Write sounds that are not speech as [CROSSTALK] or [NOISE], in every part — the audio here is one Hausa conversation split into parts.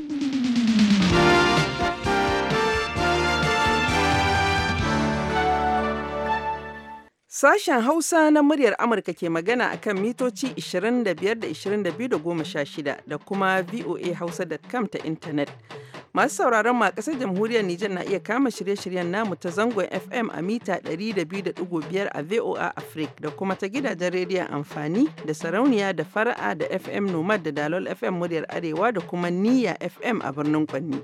Mm-hmm. Sashen Hausa na muryar Amurka ke magana a kan mitoci 25 da 22 da 16 da kuma VOA Hausa.com ta intanet. Masu sauraron ma ƙasar jamhuriyar Nijar na iya kama shirye-shiryen namu ta zangon FM a mita 200.5 a VOA Africa da kuma ta gidajen rediyon amfani da sarauniya da fara'a da FM Nomad da Dalol FM muryar Arewa da kuma niya FM a birnin Kwanni.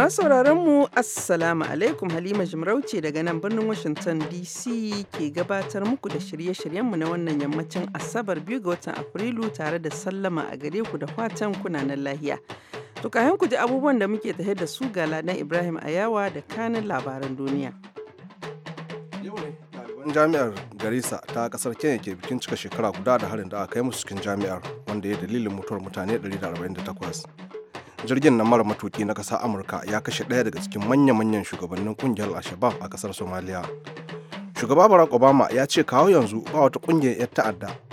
Masu mu Assalamu alaikum Halima Jimarauce daga nan birnin Washington DC ke gabatar muku da shirye-shiryenmu na wannan yammacin Asabar biyu ga watan Afrilu tare da sallama a gare ku da fatan kunanan lahiya. Tukayen ku ji abubuwan da muke tahe da su ga Ladan Ibrahim Ayawa da kanin labaran duniya. jami'ar Garissa ta kasar Kenya ke bikin cika shekara guda da harin da aka kai musu cikin jami'ar wanda ya dalilin mutuwar mutane 148. jirgin na mara matuki na kasa amurka ya kashe ɗaya daga cikin manya-manyan shugabannin kungiyar al-shabab a kasar somaliya shugaba barack obama ya ce kawo yanzu ba wata ƙungiyar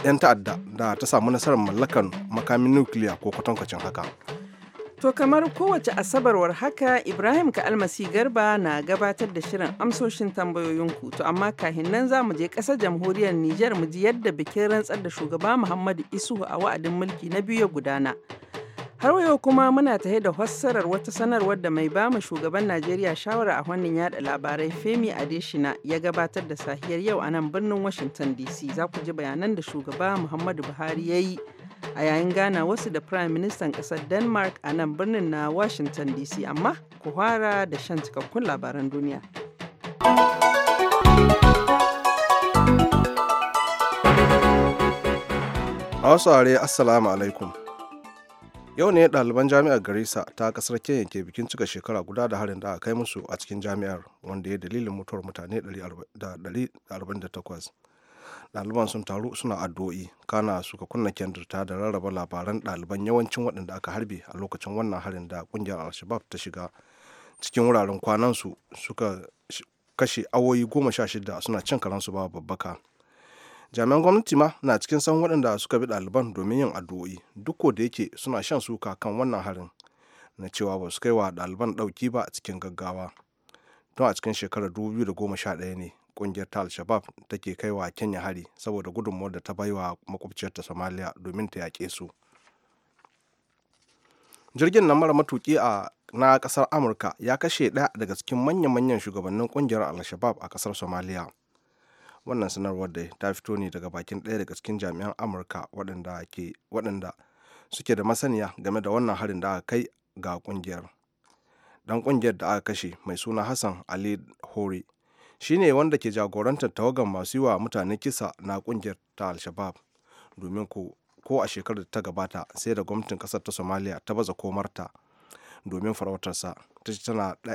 'yan ta'adda da ta samu nasarar mallakan makamin nukiliya ko kwatankwacin haka To kamar kowace asabarwar haka Ibrahim Ka'almasi Garba na gabatar da shirin amsoshin tambayoyinku to amma kahin nan za mu je ƙasar jamhuriyar Nijar mu ji yadda bikin rantsar da shugaba Muhammadu Isuhu a wa'adin mulki na biyu ya gudana. Har yau kuma muna tahe da fassarar wata sanarwar da mai bama shugaban Najeriya shawara a wannan yada labarai Femi Adeshina ya gabatar da sahiyar yau a nan birnin Washington DC. Za ku ji bayanan da shugaba Muhammadu Buhari ya yi a yayin gana wasu da Prime minister ƙasar Denmark a nan birnin na Washington DC. Amma ku fara da shan cikakkun labaran duniya. A wasu assalamu alaikum. yau ne ɗaliban jami'ar garisa ta kasar kenya ke bikin cika shekara guda da harin da aka kai musu a cikin jami'ar wanda ya dalilin mutuwar mutane 148 ɗaliban sun taru suna addu'o'i kana suka kunna kyandirta da rarraba labaran ɗaliban yawancin waɗanda aka harbe a lokacin wannan harin da ƙungiyar al-shabab ta shiga cikin wuraren kwanansu suka kashe awoyi goma sha shida suna cin karansu ba babbaka jami'an gwamnati ma na cikin san waɗanda suka bi ɗaliban domin yin addu'o'i duk da yake suna shan suka kan wannan harin na cewa ba su kai wa ɗaliban ɗauki ba a cikin gaggawa tun a cikin shekarar 2011 ne kungiyar ta al-shabab take kai wa kenya hari saboda gudunmuwar da ta bai wa ta somaliya domin ta yaƙe su jirgin na mara matuki a na ƙasar amurka ya kashe ɗaya daga cikin manya-manyan shugabannin ƙungiyar al-shabab a kasar somaliya. wannan sanarwar da ta fito ne daga bakin ɗaya daga cikin jami'an amurka waɗanda suke da masaniya game da wannan harin da aka kai ga ƙungiyar dan ƙungiyar da aka kashe mai suna hassan ali hori shine wanda ke jagorantar tawagar masu yi wa mutane kisa na ƙungiyar ta al-shabab domin ko a shekarar da ta gabata sai da gwamnatin ƙasar ta somaliya ta baza komarta domin farautarsa ta ce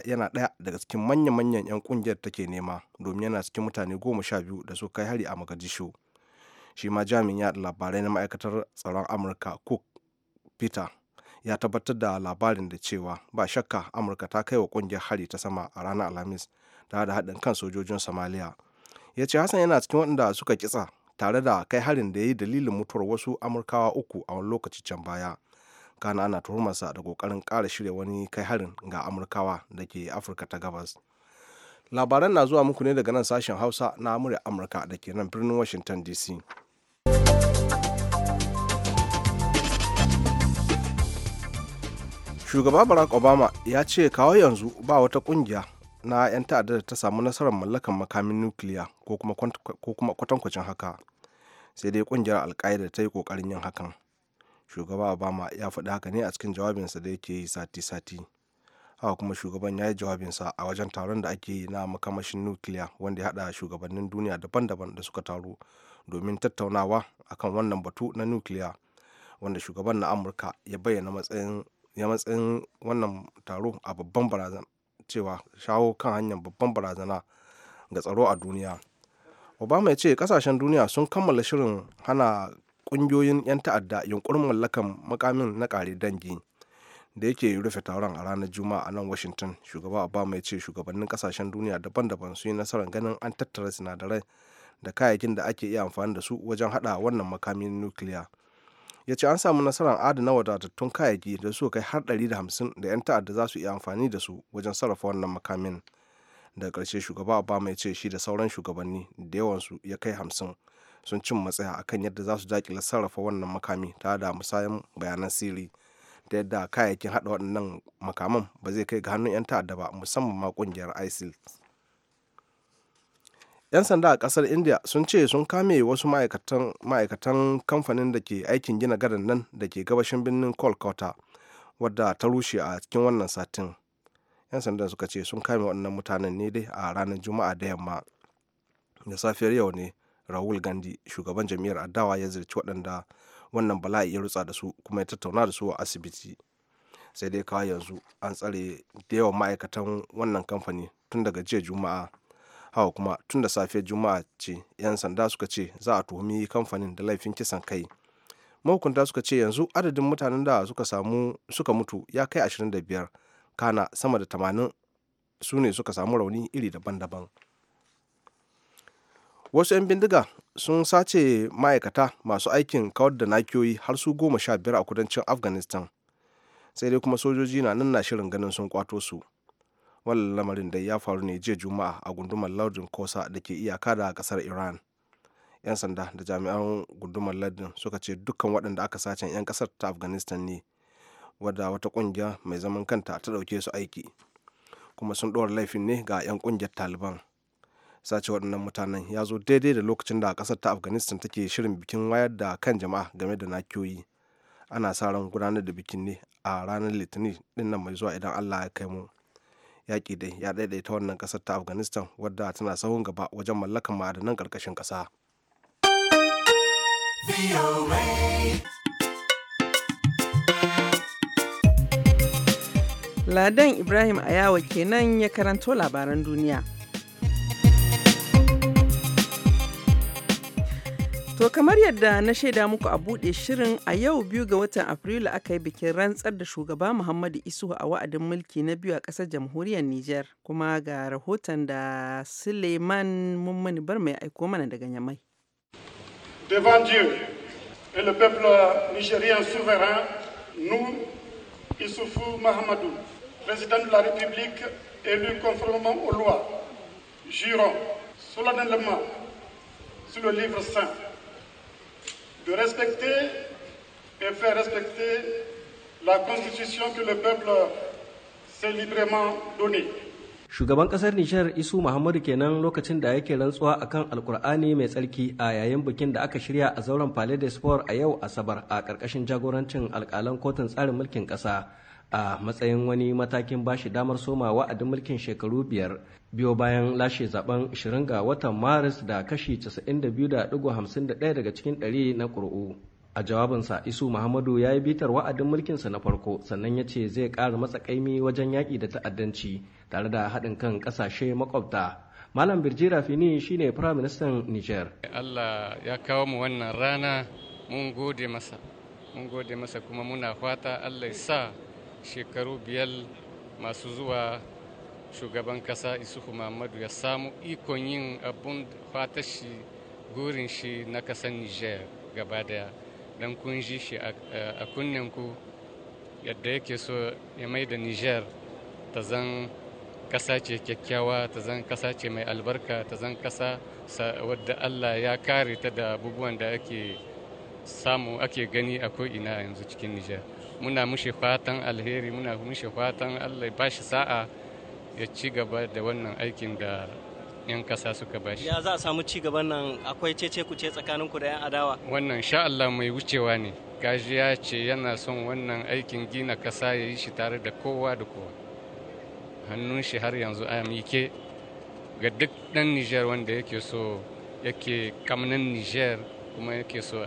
yana ɗaya daga cikin manya-manyan 'yan kungiyar take nema domin yana cikin mutane goma sha biyu da su kai hari a mogadishu shi ma jami'in yaɗa labarai na ma'aikatar tsaron amurka cook peter ya tabbatar da labarin da cewa ba shakka amurka ta kai wa kungiyar hari ta sama a ranar alhamis tare da haɗin kan sojojin somaliya ya ce hassan yana cikin waɗanda suka kitsa tare da kai harin da ya yi dalilin mutuwar wasu amurkawa uku a wani lokaci can baya ghana ana tuhumarsa da kokarin kara shirya wani kai harin ga amurkawa da ke afirka ta gabas labaran na zuwa muku ne daga nan sashen hausa na amurya amurka da ke nan birnin washington dc shugaba barack obama ya ce kawo yanzu ba wata kungiya na 'yan ta'adda da ta samu nasarar mallakan makamin nukiliya ko kuma kwatankwacin haka sai dai kungiyar alkaida ta yi kokarin yin hakan shugaba obama ya faɗi haka ne a cikin jawabinsa da yake yi sati-sati haka kuma shugaban ya yi jawabinsa a wajen taron da ake yi na makamashin nukiliya wanda ya haɗa shugabannin duniya daban-daban da suka taru domin tattaunawa akan wannan batu na nukiliya wanda shugaban na amurka ya bayyana matsayin ya matsayin wannan taro a babban barazana cewa shawo kan hanyar babban barazana ga tsaro a duniya obama ya ce kasashen duniya sun kammala shirin hana kungiyoyin 'yan ta'adda yunkurin mallakan makamin na kare dangi da yake rufe taron a ranar juma'a a nan washington shugaba obama ya ce shugabannin kasashen duniya daban-daban sun yi nasarar ganin an tattara sinadarai da kayayyakin da ake iya amfani da su wajen hada wannan makamin nukiliya ya ce an samu nasarar adana wadatattun kayayyaki da su kai har 150 da 'yan ta'adda za su iya amfani da su wajen sarrafa wannan makamin daga ƙarshe shugaba obama ya ce shi da sauran shugabanni da yawansu ya kai hamsin sun cin matsaya akan yadda za su dakile sarrafa wannan makami tare da musayan bayanan sirri ta yadda kayayyakin haɗa waɗannan makaman ba zai kai ga hannun 'yan ta'adda ba musamman ma kungiyar isil 'yan sanda a kasar india sun ce sun kame wasu ma'aikatan kamfanin da ke aikin gina gadan nan da ke gabashin birnin kolkata wadda ta rushe a cikin wannan satin 'yan sanda suka ce sun kame wannan mutanen ne dai a ranar juma'a da yamma da safiyar yau ne rahul gandhi shugaban jam'iyyar adawa ya zirci waɗanda wannan bala'i ya rutsa da su kuma ya tattauna da su a asibiti sai dai kawai yanzu an tsare da yawan ma'aikatan wannan kamfani tun daga jiya juma'a hawa kuma tun da safiyar juma'a ce 'yan sanda suka ce za a tuhumi kamfanin da laifin kisan kai mahukunta suka ce yanzu adadin mutanen da suka samu suka mutu ya kai 25 kana sama da 80 su ne suka samu rauni iri daban-daban. wasu 'yan bindiga sun sace ma'aikata masu aikin kawar da nakiyoyi har su goma sha biyar a kudancin afghanistan sai dai kuma sojoji na nan na shirin ganin sun kwato su wannan lamarin dai ya faru ne jiya juma'a a gundumar lardin kosa da ke iyaka da kasar iran 'yan sanda da jami'an gundumar lardin suka ce dukkan waɗanda aka sace 'yan kasar ta afghanistan ne wadda wata ƙungiya mai zaman kanta ta ɗauke su aiki kuma sun ɗora laifin ne ga 'yan ƙungiyar taliban sace waɗannan mutanen ya zo daidai da lokacin da ƙasar ta afghanistan take shirin bikin wayar da kan jama'a game da nakiyoyi ana sa ran gudanar da bikin ne a ranar litinin din nan mai zuwa idan allah ya kai mu yaƙi dai ya ɗaiɗaita wannan ƙasar ta afghanistan wadda tana sahun gaba wajen mallakan ma'adanan ƙarƙashin ƙasa Ladan Ibrahim Ayawa kenan ya karanto labaran duniya. To kamar yadda na shaida muku a buɗe shirin a yau biyu ga watan Afrilu aka yi bikin rantsar da shugaba Muhammadu Isuhu a wa'adin mulki na biyu a ƙasar jamhuriyar Nijar kuma ga rahoton da Suleiman Mummuni bar mai aiko mana daga Yamai. Devant Dieu et le peuple nigérien souverain, nous, Issoufou Mahamadou, président de la République élu conformément aux lois, jurons solennellement sur le livre saint de respecter et faire respecter la constitution que le peuple s'est librement donnée. Shugaban kasar Nijar Isu Muhammadu kenan lokacin da yake rantsuwa akan Alkur'ani mai tsarki a yayin bikin da aka shirya a zauren Palais des Sports a yau Asabar a ƙarƙashin jagorancin alƙalan kotun tsarin mulkin ƙasa a matsayin wani matakin bashi damar soma wa'adin mulkin shekaru biyar biyo bayan lashe zaben 20 ga watan maris da kashi 92.51 daga cikin 100 na kuri'u a jawabinsa isu muhammadu ya yi bitar wa'adin mulkinsa na farko sannan ya ce zai ƙara matsakaimi wajen yaƙi da ta'addanci tare da haɗin kan ƙasashe makwabta malam birjira fini shine prime minister niger allah ya kawo mu wannan rana mun gode masa mun gode masa kuma muna fata allah sa shekaru biyar masu zuwa shugaban kasa isuhu muhammadu ya samu ikon yin abun shi gurin shi na kasan niger gaba daya don kun ji shi a kunnen ku yadda yake so ya mai da niger ta zan kasa ce kyakkyawa ta zan kasa ce mai albarka ta zan kasa wadda allah ya kare ta da abubuwan da ake samu ake gani a ko'ina yanzu cikin niger muna mushe fatan alheri muna mushe fatan allah ya bashi sa'a ya ci gaba da wannan aikin da 'yan kasa suka bashi. Ya za a samu ci gaban nan akwai cece kuce tsakanin ku da 'yan adawa. Wannan sha Allah mai wucewa ne. Gaji ya ce yana son wannan aikin gina kasa ya yi shi tare da kowa da kowa. Hannun shi har yanzu a mike ga duk ɗan Nijar wanda yake so yake kamnin Nijar kuma yake so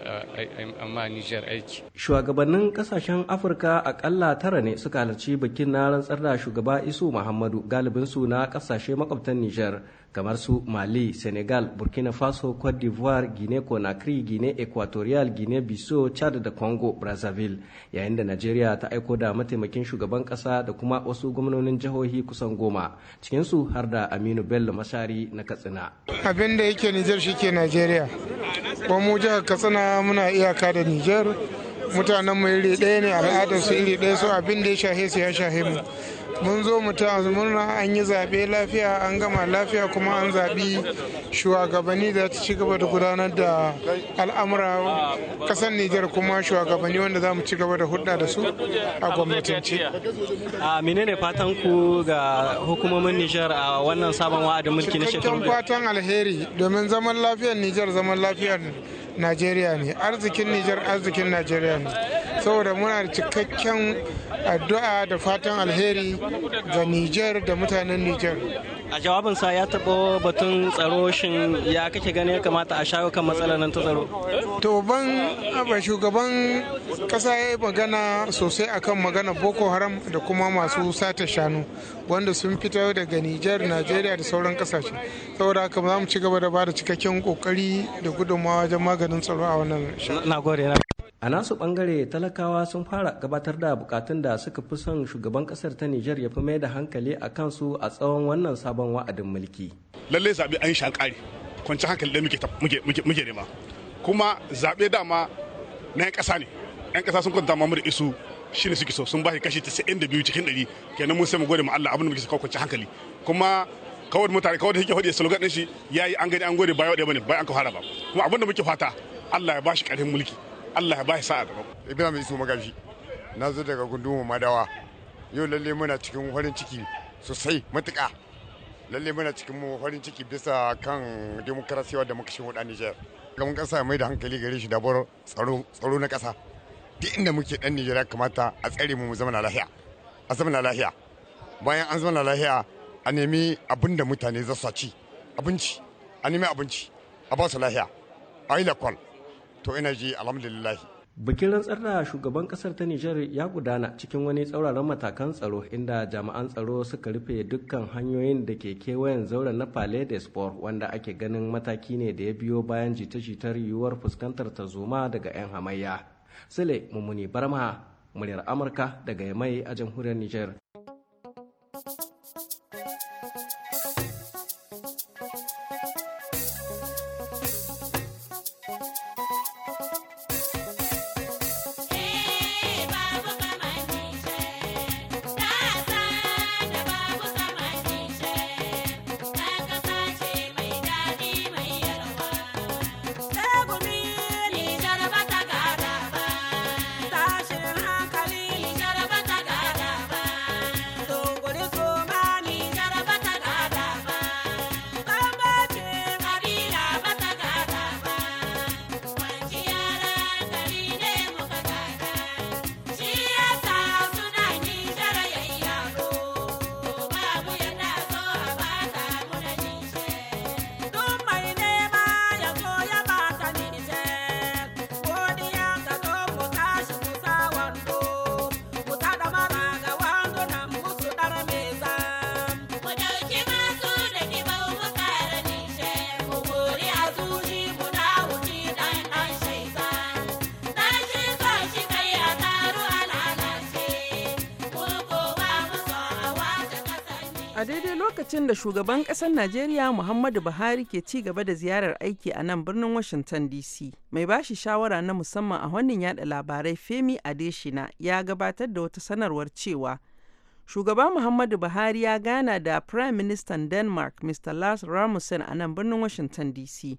amma Nijar aiki. Shugabannin kasashen Afirka akalla tara ne suka halarci bikin na rantsar da shugaba Isu Muhammadu galibinsu na kasashe makwabtan Nijar kamar su mali senegal burkina faso cote d'ivoire guinea conakry guinea equatorial guinea bissau chad da congo brazzaville yayin da nigeria ta aiko da mataimakin shugaban kasa da kuma wasu gwamnonin jihohi kusan goma cikinsu har da aminu bello mashari na katsina abin da yake niger ke nigeria ba mu jihar katsina muna iyaka da niger mutanen mu iri ɗaya ne al'adarsu iri ɗaya so abin da ya shahe su ya shahe mu mun zo mu ta murna an yi zaɓe lafiya an gama lafiya kuma an zaɓi shugabanni da ta ci gaba da gudanar da al'amura ƙasar Nijar kuma shugabanni wanda za mu ci gaba da hudda da su a gwamnatance. A menene fatan ku ga hukumomin Nijar a wannan sabon wa'adin mulki na shekaru? Cikakken fatan alheri domin zaman lafiyar Nijar zaman lafiyar Najeriya ne arzikin Nijar arzikin Najeriya ne. saboda muna da cikakken addu'a da fatan alheri ga Nijar da mutanen Nijar. a jawabinsa ya taɓo batun tsaro shin ya kake gani ya kamata a shawo kan matsalar nan ta tsaro to ban shugaban ƙasa ya yi magana sosai akan magana boko haram da kuma masu sata shanu wanda sun fito daga niger najeriya da sauran ƙasashe. saboda haka za mu ci gaba da ba da cikakken kokari da gudunmawa wajen maganin tsaro a wannan na gode a nasu bangare talakawa sun fara gabatar da bukatun da suka fi son shugaban kasar ta nijar ya fi mai da hankali a kansu a tsawon wannan sabon wa'adin mulki lallai zaɓe an sha ƙari kwanci hankali da muke nema kuma zaɓe dama na 'yan ƙasa ne 'yan ƙasa sun kwanta mamu isu shi ne suke so sun bashi kashi 92 cikin 100 kenan mun sai mu gode ma Allah abin da muke sa kwanci hankali kuma kawai mutane kawai da yake hodiya slogan din shi yayi an gani an gode bayo da bane bai an ka fara ba kuma abin da muke fata Allah ya bashi karfin mulki Allah ya ba shi sa'a Ibina Ibrahim Isu Magaji na zo daga gunduma madawa yau lalle muna cikin farin ciki sosai matuka, lalle muna cikin mu farin ciki bisa kan demokarasiya da muka shigo da Niger gaban kasa mai da hankali gare shi dabar tsaro tsaro na kasa duk inda muke dan Niger kamata a tsare mu mu zama lafiya a zama lafiya bayan an zama lafiya a nemi abin da mutane za su ci abinci a nemi abinci a ba su lafiya a yi lakwal to ina alhamdulillah bikin rantsar shugaban kasar ta nijar ya gudana cikin wani tsauraran matakan tsaro inda jami'an tsaro suka rufe dukkan hanyoyin da ke kewayen zauren na palais de sport wanda ake ganin mataki ne da ya biyo bayan jita-jitar yiwuwar fuskantar ta zuma daga 'yan hamayya sule mummuni barma muryar amurka daga mai a jamhuriyar nijar A daidai lokacin da shugaban ƙasar Najeriya Muhammadu Buhari ke ci gaba da ziyarar aiki a nan birnin Washington DC, mai bashi shawara na musamman a wannan yada labarai Femi Adeshina ya gabatar da wata sanarwar cewa shugaban Muhammadu Buhari ya gana da Prime Minister Denmark Mr. Lars Rasmussen a nan birnin Washington DC.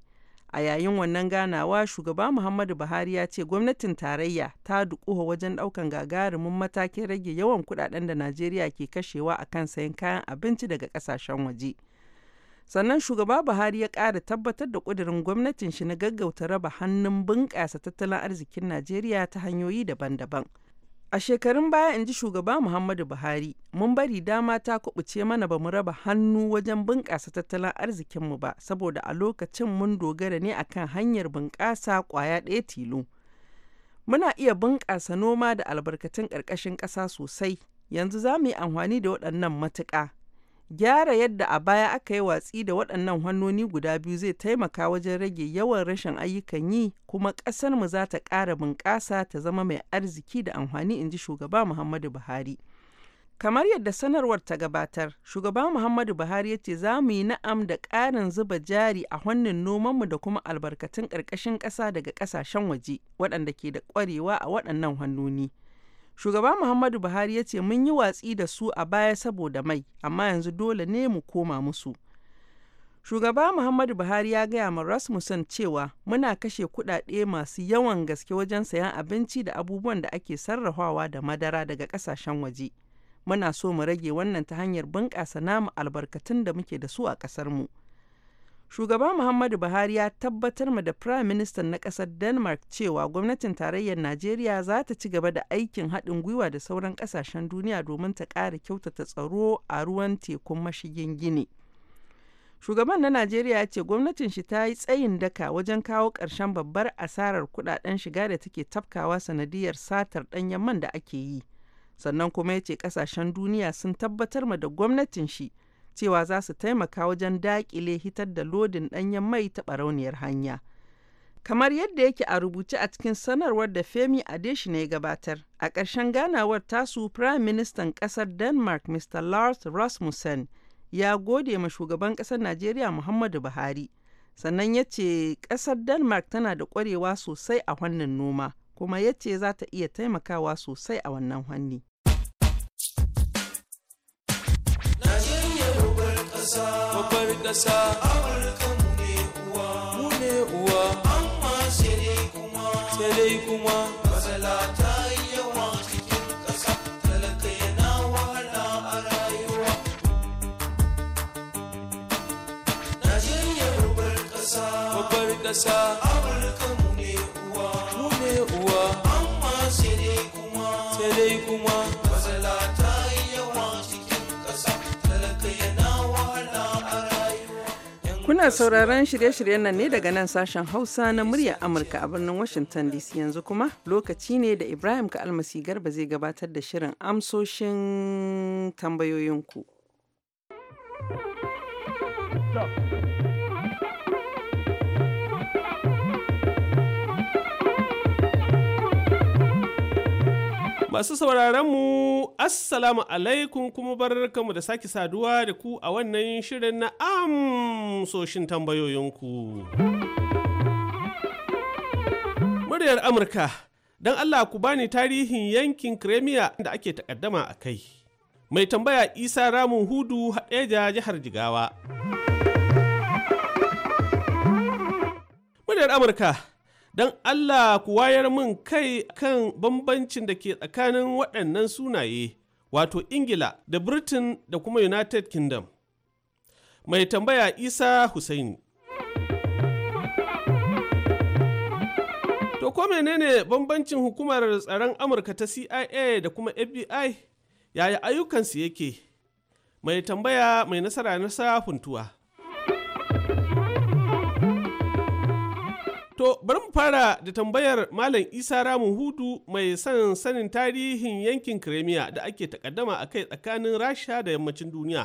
a yayin wannan ganawa shugaba muhammadu buhari ya ce gwamnatin tarayya ta dukuwa wajen daukan gagarumin matakin rage yawan kudaden da najeriya ke kashewa akan sayan kayan abinci daga kasashen waje sannan shugaba buhari ya ƙara tabbatar da ƙudurin gwamnatin shi na gaggauta raba hannun bunƙasa tattalin arzikin najeriya ta hanyoyi daban-daban. A shekarun baya, in ji Shugaba Muhammadu Buhari, mun bari dama ta kuɓuce mana ba mu raba hannu wajen bunƙasa tattalin arzikinmu ba, saboda a lokacin mun dogara ne akan hanyar bunƙasa ƙwaya ɗaya tilo. Muna iya bunƙasa noma da albarkatun ƙarƙashin ƙasa sosai, yanzu za mu yi amfani da waɗannan matuƙa. Gyara yadda a baya aka yi watsi da waɗannan hannoni guda biyu zai taimaka wajen rage yawan rashin ayyukan yi kuma ƙasarmu za ta ƙara bunƙasa ta zama mai arziki da amfani inji Shugaba Muhammadu Buhari. Kamar yadda sanarwar ta gabatar, Shugaba Muhammadu Buhari ya ce za mu yi na'am da ƙarin zuba jari a hannun nomanmu da kuma albarkatun ƙarƙashin ƙasa daga ƙasashen waje waɗanda ke da ƙwarewa a waɗannan hannoni Shugaba Muhammadu Buhari ya ce mun yi watsi da su a baya saboda mai, amma yanzu dole ne mu koma musu. Shugaba Muhammadu Buhari ya gaya ma Rasmussen cewa muna kashe kudade masu yawan gaske wajen sayan abinci da abubuwan da ake sarrafawa da madara daga kasashen waje. Muna so mu rage wannan ta hanyar bunƙasa namu albarkatun da muke da su a ƙasar mu. Shugaba Muhammadu Buhari ya tabbatar ma da prime minister na ƙasar Denmark cewa gwamnatin tarayyar Najeriya za ta ci gaba da aikin haɗin gwiwa da sauran ƙasashen duniya domin ta ƙara kyautata tsaro a ruwan tekun mashigin Gini. Shugaban na Najeriya ya ce gwamnatin shi ta yi tsayin daka wajen kawo ƙarshen babbar asarar kuɗaɗen shiga da take tafkawa sanadiyar satar ɗanyen man da ake yi. Sannan kuma ya ce ƙasashen duniya sun tabbatar ma da gwamnatin shi. cewa za su taimaka wajen dakile hitar da lodin ɗanyen mai ta barauniyar hanya. Kamar yadda yake a rubuce a cikin sanarwar da Femi adeshina ya gabatar, a ƙarshen ganawar tasu Prime Ministan ƙasar Denmark Mr. Lars Rasmussen ya gode ma shugaban ƙasar Najeriya Muhammadu Buhari. Sannan ya ce ƙasar Denmark tana da ƙwarewa sosai a wannan noma, kuma ya ce za ta iya taimakawa sosai a wannan hannu. ƙasa babbar ƙasa amurka mu ne uwa mu ne uwa amma sai kuma sai dai kuma matsala ta yi yawa cikin ƙasa talaka yana wahala a rayuwa najeriya babbar ƙasa babbar ƙasa amurka mu ne uwa mu ne uwa amma sai dai kuma sai dai kuma Kuna sauraron shirye-shiryen nan ne daga nan sashen Hausa na muryar Amurka a birnin Washington DC yanzu kuma lokaci ne da Ibrahim ka almasi Garba zai gabatar da shirin amsoshin tambayoyinku. ku. Masu sauraron mu Assalamu alaikum kuma barkamu da sake saduwa da ku a wannan shirin na amsoshin tambayoyinku. Muryar Amurka, don Allah ku bani tarihin yankin Kremiya da ake takaddama a kai. Mai tambaya Isa Ramun Hudu Haɗeja jihar Jigawa. Muryar Amurka. don Allah ku wayar min kai kan bambancin da ke tsakanin waɗannan sunaye, wato Ingila da Britain da kuma United Kingdom. Mai tambaya Isa Hussaini. To ko menene bambancin hukumar tsaron Amurka ta CIA da kuma FBI? Yaya ayyukansu yake? Mai tambaya mai nasara na safuntuwa. To bari mu fara da tambayar Malam Isa Ramu Hudu mai son sanin tarihin yankin Kremiya da ake takaddama a kai tsakanin Rasha da yammacin duniya.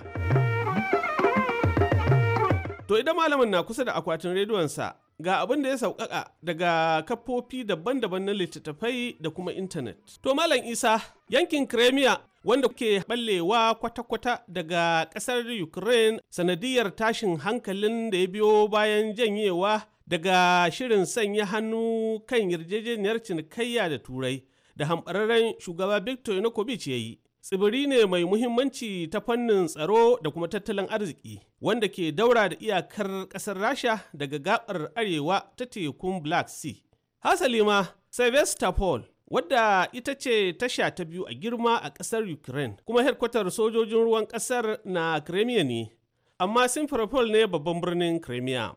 To idan malamin na kusa da akwatin rediyonsa ga abin da ya sauƙaƙa daga kafofi daban-daban na littattafai da kuma intanet. To Malam Isa, yankin Kremiya wanda kuke ballewa kwata-kwata daga ƙasar Ukraine sanadiyar tashin hankalin da ya biyo bayan janyewa daga shirin sanya hannu kan yarjejeniyar cinikayya da turai da hamɓararren shugaba victor yanukovic ya yi tsibiri ne mai muhimmanci ta fannin tsaro da kuma tattalin arziki wanda ke daura da iyakar ƙasar rasha daga gabar arewa ta tekun black sea hasali ma sevastopol wadda ita ce tasha ta biyu a girma a ƙasar ukraine kuma headkwatar sojojin ruwan ƙasar na crimea ne amma simferopol ne babban birnin crimea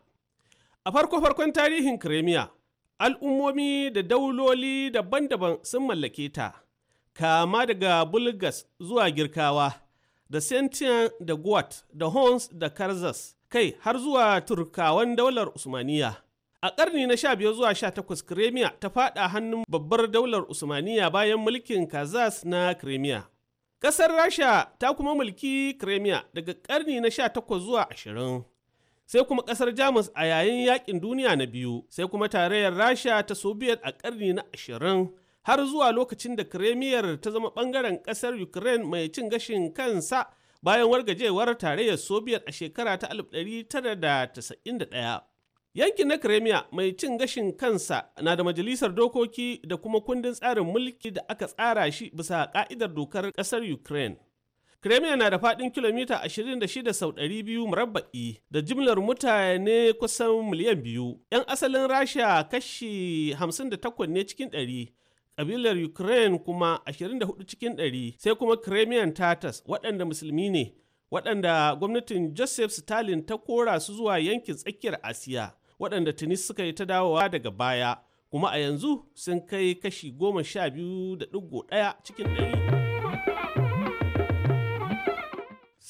A farko-farkon tarihin Kremiya, al'ummomi da dauloli daban-daban sun mallake ta, kama daga Bulgas zuwa Girkawa, da Sentian da Guat, da Hons da Karzas, kai har zuwa Turkawan daular Usmaniya. A ƙarni na 15 zuwa 18 Kremiya ta faɗa hannun babbar daular Usmaniya bayan mulkin Kazas na Kremiya. Ƙasar Rasha ta kuma mulki Kremiya daga ƙarni na 18 zuwa 20. sai kuma kasar jamus a yayin yakin duniya na biyu sai kuma tarayyar rasha ta soviet a karni na ashirin har zuwa lokacin da kremiyar ta zama bangaren kasar ukraine mai cin gashin kansa bayan wargajewar tarayyar soviet a shekara ta 1991 yankin na kremiya mai cin gashin kansa na da majalisar dokoki da kuma kundin tsarin mulki da aka tsara shi bisa ka'idar dokar kasar ukraine Kremlin na da faɗin kilomita 26 sau 200 murabba'i da jimlar mutane kusan miliyan biyu. 'Yan asalin Rasha kashi 58 ne cikin 100, ƙabilar Ukraine kuma 24 cikin 100, sai kuma Kremlin Tatars waɗanda musulmi ne, waɗanda gwamnatin Joseph Stalin ta kora su zuwa yankin tsakiyar Asiya, waɗanda Tunis suka yi ta dawowa daga baya, kuma a yanzu sun kai kashi 12.1 cikin ɗari.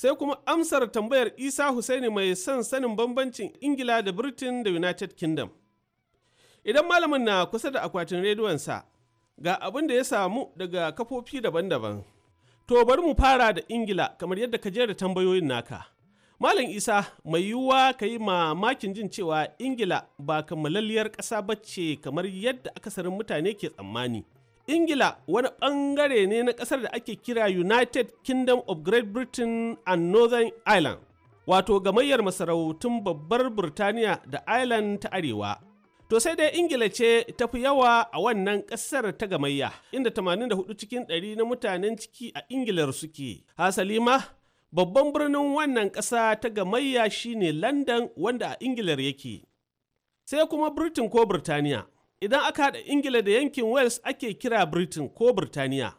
sai kuma amsar tambayar isa husaini mai son sanin bambancin ingila da britain da united kingdom idan malamin na kusa da akwatin rediyonsa ga abin da ya samu daga kafofi daban-daban to bari mu fara da ingila kamar yadda ka jera tambayoyin naka malam isa mai yiwuwa ka yi mamakin jin cewa ingila ba kammalalliyar ƙasa ba kamar yadda akasarin mutane ke tsammani Ingila wani bangare ne na kasar da ake kira United Kingdom of Great Britain and Northern Ireland, wato gamayyar masarautun babbar birtaniya da Ireland ta Arewa. To sai dai Ingila ce ta fi yawa a wannan kasar ta gamayya, inda 84 cikin 100 na mutanen ciki a Ingilar suke. Hasali ma, babban birnin wannan ƙasa ta gamayya shine London wanda a Ingilar yake. Sai kuma Britain ko birtaniya. idan aka haɗa ingila da yankin wales ake kira britain ko birtaniya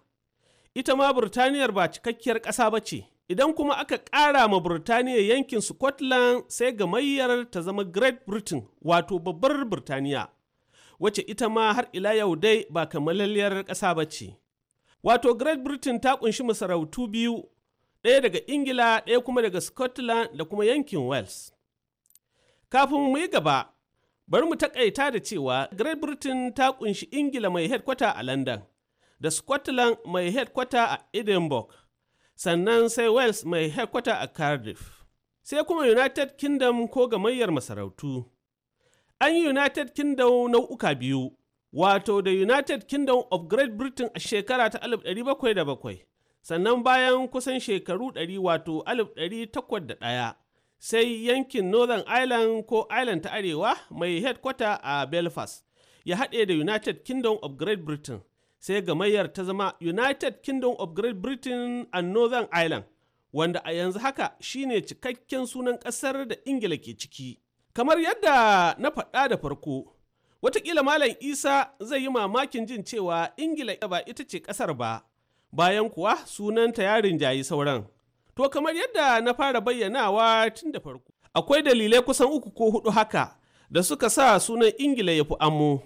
ita ma birtaniyar ba cikakkiyar ƙasa ba ce idan kuma aka ƙara ma birtaniya yankin scotland sai gamayyar ta zama great britain wato babbar birtaniya wacce ita ma har ila yau dai ba kamalalliyar ƙasa ba ce wato great britain ta ƙunshi masarautu biyu ɗaya daga ingila ɗaya kuma daga scotland da kuma yankin wales kafin mu yi gaba Bari mu takaita da cewa Great Britain ta kunshi Ingila mai headquarter a London, da Scotland mai headquarter a Edinburgh, sannan sai Wales mai headquarter a Cardiff, sai kuma United Kingdom ko gamayyar masarautu. An yi United Kingdom nau'uka biyu, wato da United Kingdom of Great Britain a shekara ta 1707, sannan bayan kusan shekaru 100 wato 1801. sai yankin Northern Ireland ko Ireland ta Arewa mai headquarter a Belfast ya haɗe da United Kingdom of Great Britain sai gamayyar ta zama United Kingdom of Great Britain and Northern Ireland wanda a yanzu haka shine cikakken sunan ƙasar da Ingila ke ciki. Kamar yadda na faɗa da farko, watakila Malam Isa zai yi mamakin jin cewa Ingila ba ita ce ƙasar ba, bayan kuwa sunanta ya rinjayi sauran. To kamar yadda na fara bayyanawa tun da farko, akwai dalilai kusan uku ko hudu haka da suka sa sunan Ingila ya fi amu.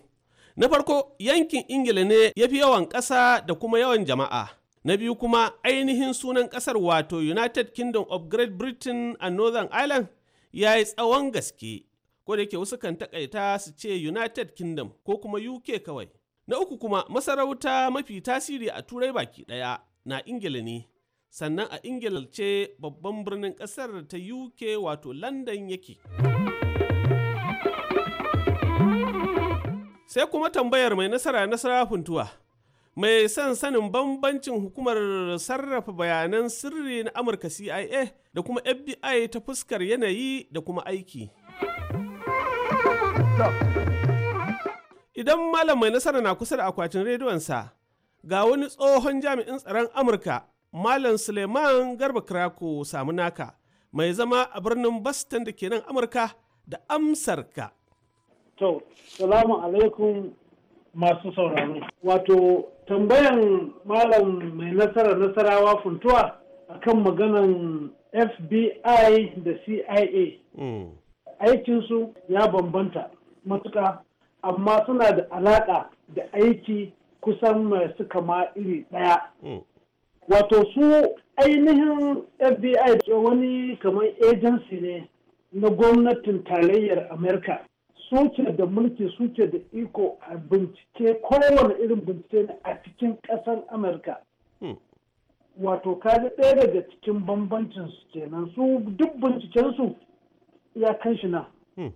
Na farko yankin Ingila ne ya fi yawan ƙasa da kuma yawan jama'a. Na biyu kuma ainihin sunan ƙasar wato United Kingdom of Great Britain and Northern Ireland ya yi tsawon gaske, ko da yake wasu kan takaita su ce United Kingdom ko kuma UK kawai. Na uku kuma masarauta mafi tasiri a turai baki ɗaya na Ingila ne. sannan a ingila ce babban birnin ƙasar ta uk wato london yake sai kuma tambayar mai nasara nasara funtuwa mai son sanin bambancin hukumar sarrafa bayanan sirri na amurka cia da kuma fbi ta fuskar yanayi da kuma aiki idan malam mai nasara na kusa da akwatin rediyonsa ga wani tsohon jami'in tsaron amurka Malam Suleiman Garba Krako samu naka mai zama a birnin Boston da ke nan Amurka da amsarka. To, salamu alaikum masu sauraro. Wato, tambayan malam mai nasara nasarawa funtuwa a kan maganan FBI da CIA. Aikinsu ya bambanta matuka, amma suna da alaƙa da aiki kusan suka ma iri ɗaya. Hmm. wato su ainihin fbi wani kamar agency ne na gwamnatin tarayyar amurka suke da mulki suke da iko a bincike kowane irin bincike ne a cikin kasar amurka hmm. wato kaji ɗaya daga cikin bambancin su kenan su duk bincikensu ya kan shi na hmm.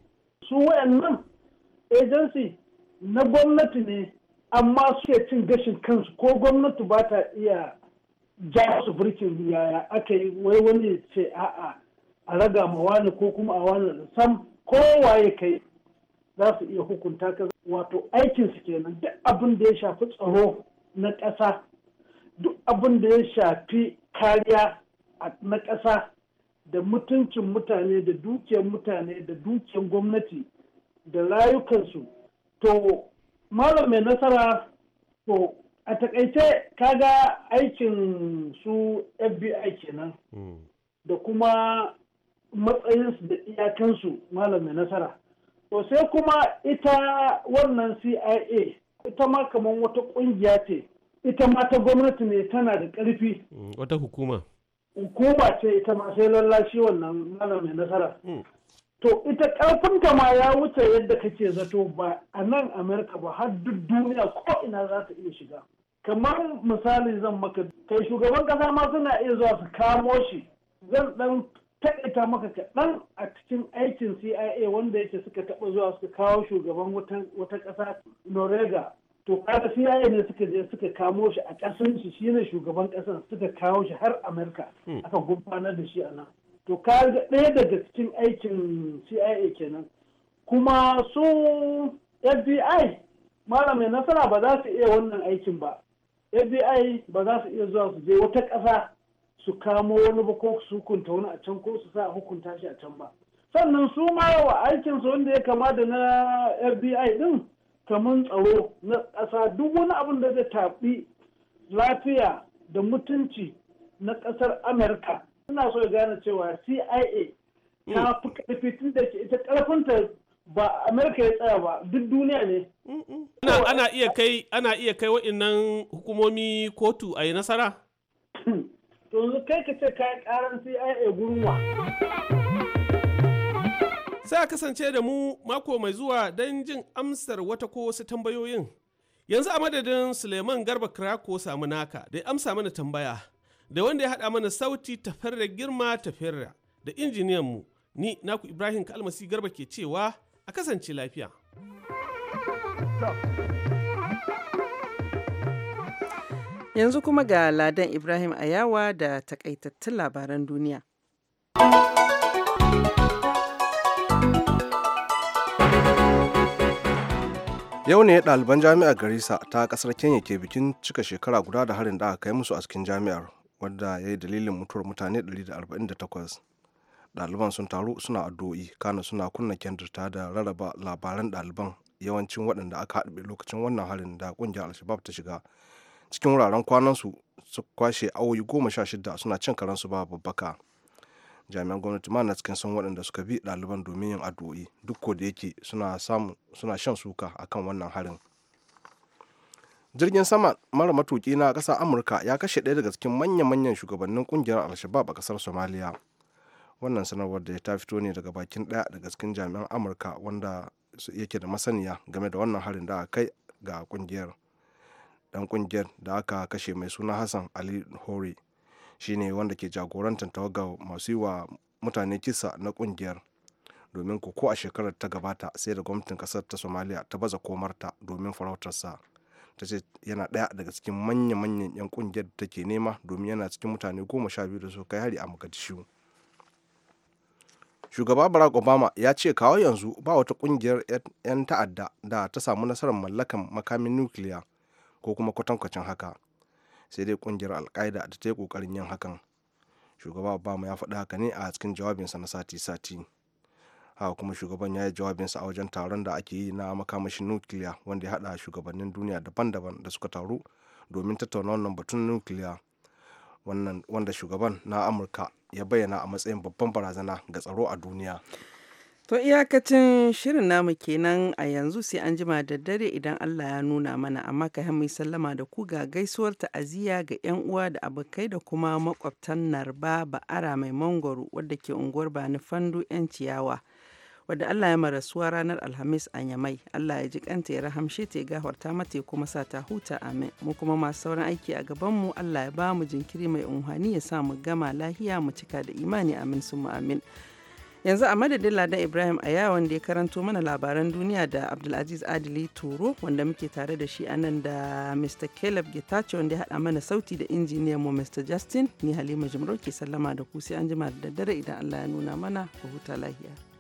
su wayannan agency na gwamnati ne amma suke cin gashin kansu ko gwamnati ba ta iya ja su birkin yaya aka yi wai wani ce a'a a raga ma wani ko kuma a wani sam kowaye kai za su iya hukunta ka wato aikinsu kenan duk abin da ya shafi tsaro na ƙasa duk abin da ya shafi kariya na ƙasa da mutuncin mutane da dukiyar mutane da dukiyar gwamnati da rayukansu to malam mai nasara to a takaice kaga aikin su fbi kenan hmm. da kuma matsayinsu da iyakansu malamai nasara to sai kuma ita wannan cia ita ma kamar wata kungiya ce ita ma ta gwamnati ne tana da ƙarfi hmm, wata hukuma hukuma ce ita ma sai lallashi wannan malamai nasara hmm. to ita ƙarfinta ma ya wuce yadda kake zato ba a nan amerika ba har duk duniya ko ina za ta iya shiga kamar misali zan maka kai shugaban ƙasa ma suna iya zuwa su kamo shi zan ɗan taƙaita maka kaɗan a cikin aikin cia wanda yake suka taɓa zuwa suka kawo shugaban wata ƙasa norega to kada cia ne suka je suka kamo shi a ƙasan shi shine shugaban ƙasar suka kawo shi har amerika hmm. aka gumfanar da shi a nan to ka ɗaya daga cikin aikin cia kenan kuma su fbi malam mai nasara ba za su iya wannan aikin ba fbi ba za su iya zuwa su je wata ƙasa su kamo wani ba ko su hukunta wani a can ko su sa hukunta shi a can ba sannan su ma wa aikin su wanda ya kama da na fbi din kamar tsaro na ƙasa duk wani abin da zai tafi lafiya da mutunci na ƙasar amurka suna so ya gane cewa CIA ta hmm. fi karfi tun da ita karfinta ba Amurka ya tsaya ba duk duniya ne. Hmm, hmm. Ana iya kai ana iya hukumomi kotu a yi nasara? [CLEARS THROAT] To yanzu kai ka ce kayan karan CIA gurwa. Sai a kasance da mu mako mai zuwa don jin amsar wata ko wasu tambayoyin. Yanzu a madadin Suleiman Garba ko samu naka da amsa mana tambaya. da wanda ya haɗa mana sauti tafarra girma farra da injiniyan mu ni naku Ibrahim Kalmasi Garba ke cewa a kasance lafiya. Yanzu kuma ga Ladan Ibrahim Ayawa da takaitattun labaran duniya. Yau ne ɗaliban jami'ar Garissa ta ƙasar Kenya ke bikin cika shekara guda da harin da aka kai musu a cikin jami'ar wadda ya yi dalilin mutuwar mutane 148 ɗaliban sun taru suna addu'o'i kana suna kunna kendir da rarraba labaran ɗaliban yawancin waɗanda aka haɗe lokacin wannan harin da ƙungiyar alshabab ta shiga cikin wuraren kwanan su su kwashe awoyi goma sha shida suna cin karansu ba babbaka jami'an gwamnati ma na cikin san waɗanda suka bi ɗaliban domin yin addu'o'i duk ko da yake suna samu suna shan suka akan wannan harin jirgin sama mara matuki na ƙasar amurka ya kashe ɗaya daga cikin manya-manyan shugabannin kungiyar al-shabab a ƙasar somaliya wannan sanarwar da ta fito ne daga bakin ɗaya daga cikin jami'an amurka wanda yake da masaniya game da wannan harin da aka kai ga kungiyar dan kungiyar da aka kashe mai suna hassan ali hore shine wanda ke jagorantar tawagar masu yi wa mutane kisa na kungiyar domin ko a shekarar ta gabata sai da gwamnatin kasar ta somaliya ta baza komarta domin farautarsa. sa ta ce yana ɗaya daga cikin manya-manyan 'yan kungiyar da take nema domin yana cikin mutane goma sha biyu da su kai hari a mogadishu shugaba barack obama ya ce kawo yanzu ba wata kungiyar 'yan ta'adda da ta samu nasarar mallakan makamin nukiliya ko kuma kwatankwacin haka sai dai kungiyar alkaida da ta yi kokarin yin hakan shugaba obama ya faɗi haka ne a cikin jawabinsa na sati-sati haka kuma shugaban ya yi jawabinsa a wajen taron da ake yi na makamashin nukiliya wanda ya hada shugabannin duniya daban-daban da suka taru domin tattauna wannan batun nukiliya wanda shugaban na amurka ya bayyana a matsayin babban barazana ga tsaro a duniya To iyakacin shirin namu kenan a yanzu sai an jima da dare idan Allah ya nuna mana amma ka mai sallama da ku ga gaisuwar ta'aziyya ga 'yan uwa da abokai da kuma makwabtan Narba Ba'ara mai mangoro wadda ke unguwar Bani Fandu 'yan ciyawa. wadda Allah ya marasuwa ranar Alhamis a Yamai. Allah ya ji kanta ya rahamshe ta ya gafarta mata ya kuma sa ta huta amin. Mu kuma masu sauran aiki a gaban mu Allah ya ba mu jinkiri mai unhani ya sa mu gama lahiya mu cika da imani amin sun amin. yanzu a madadin ladan ibrahim a yawon ya karanto mana labaran duniya da abdulaziz adili turo wanda muke tare da shi a nan da mr caleb getacho wanda ya haɗa mana sauti da injiniyan mu mr justin ni halima jumro ke sallama da ku sai an jima da daddare idan allah ya nuna mana ku huta lahiya